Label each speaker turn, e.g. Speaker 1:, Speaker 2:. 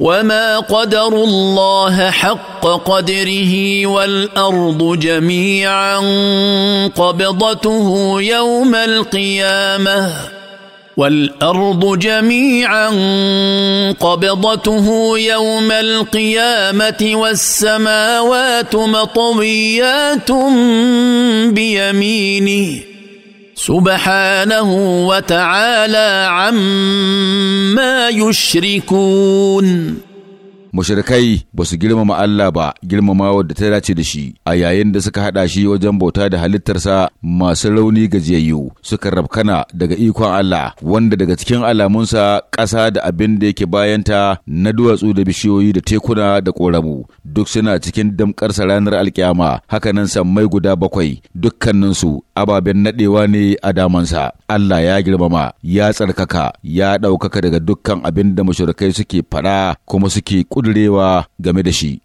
Speaker 1: وما قدروا الله حق قدره والارض جميعا قبضته يوم القيامه والارض جميعا قبضته يوم القيامه والسماوات مطويات بيمينه سبحانه وتعالى عما
Speaker 2: يشركون mushrikai ba su girmama Allah ba girmamawa da ta dace da shi a yayin da suka haɗa shi wajen bauta da halittarsa masu rauni gajiyayyu suka rabkana daga ikon Allah wanda daga cikin alamunsa ƙasa da abin da yake bayanta na duwatsu da bishiyoyi da tekuna da ƙoramu duk suna cikin sa ranar alkiyama hakanan sammai guda bakwai dukkaninsu ababen naɗewa ne a damansa Allah ya girmama ya tsarkaka ya ɗaukaka daga dukkan abin da mushrikai suke faɗa kuma suke ƙudu bijirewa game da shi.